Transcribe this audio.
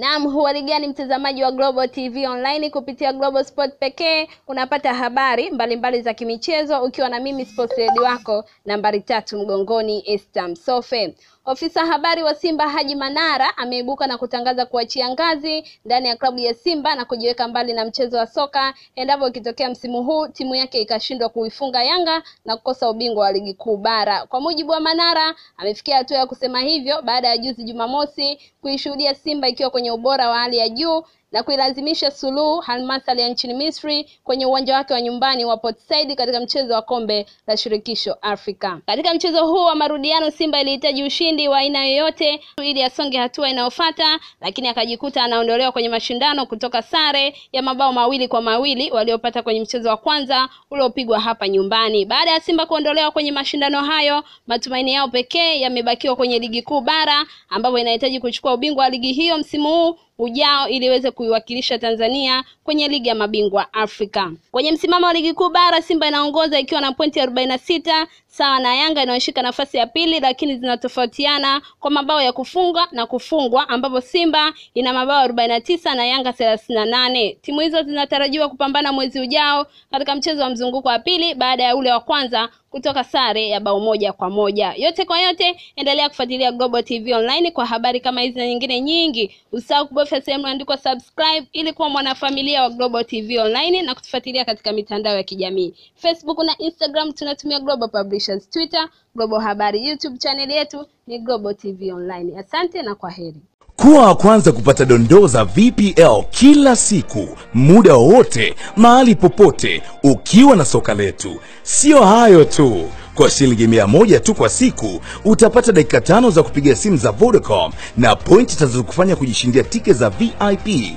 Naam, huwari gani mtazamaji wa Global TV Online, kupitia Global Sport pekee unapata habari mbalimbali mbali za kimichezo, ukiwa na mimi sports lady wako nambari tatu mgongoni Esther Msofe. Ofisa habari wa Simba Haji Manara ameibuka na kutangaza kuachia ngazi ndani ya klabu ya Simba na kujiweka mbali na mchezo wa soka endapo ikitokea msimu huu timu yake ikashindwa kuifunga Yanga na kukosa ubingwa wa ligi kuu bara. Kwa mujibu wa Manara, amefikia hatua ya kusema hivyo baada ya juzi Jumamosi kuishuhudia Simba ikiwa kwenye ubora wa hali ya juu na kuilazimisha Suluhu Halmasali ya nchini Misri kwenye uwanja wake wa nyumbani wa Port Said katika mchezo wa kombe la shirikisho Afrika. Katika mchezo huu wa marudiano, Simba ilihitaji ushindi wa aina yoyote ili asonge hatua inayofuata, lakini akajikuta anaondolewa kwenye mashindano kutoka sare ya mabao mawili kwa mawili waliopata kwenye mchezo wa kwanza uliopigwa hapa nyumbani. Baada ya Simba kuondolewa kwenye mashindano hayo, matumaini yao pekee yamebakiwa kwenye ligi kuu bara ambapo inahitaji kuchukua ubingwa wa ligi hiyo msimu huu ujao ili iweze kuiwakilisha Tanzania kwenye ligi ya mabingwa Afrika. Kwenye msimamo wa ligi kuu bara, Simba inaongoza ikiwa na pointi 46 sita sawa na Yanga inayoshika nafasi ya pili, lakini zinatofautiana kwa mabao ya kufunga na kufungwa, ambapo Simba ina mabao 49 na tisa na Yanga 38. nane. Timu hizo zinatarajiwa kupambana mwezi ujao katika mchezo wa mzunguko wa pili baada ya ule wa kwanza kutoka sare ya bao moja kwa moja. Yote kwa yote, endelea kufuatilia Global TV Online kwa habari kama hizi na nyingine nyingi. Usahau kubofya sehemu iliyoandikwa subscribe ili kuwa mwanafamilia wa Global TV Online na kutufuatilia katika mitandao ya kijamii. Facebook na Instagram tunatumia Global Publishers, Twitter Global Habari, YouTube chaneli yetu ni Global TV Online. Asante na kwa heri. Kuwa wa kwanza kupata dondoo za VPL kila siku, muda wowote, mahali popote, ukiwa na soka letu. Sio hayo tu, kwa shilingi 1 moja tu kwa siku utapata dakika tano za kupiga simu za Vodacom na pointi zitazokufanya kujishindia tiketi za VIP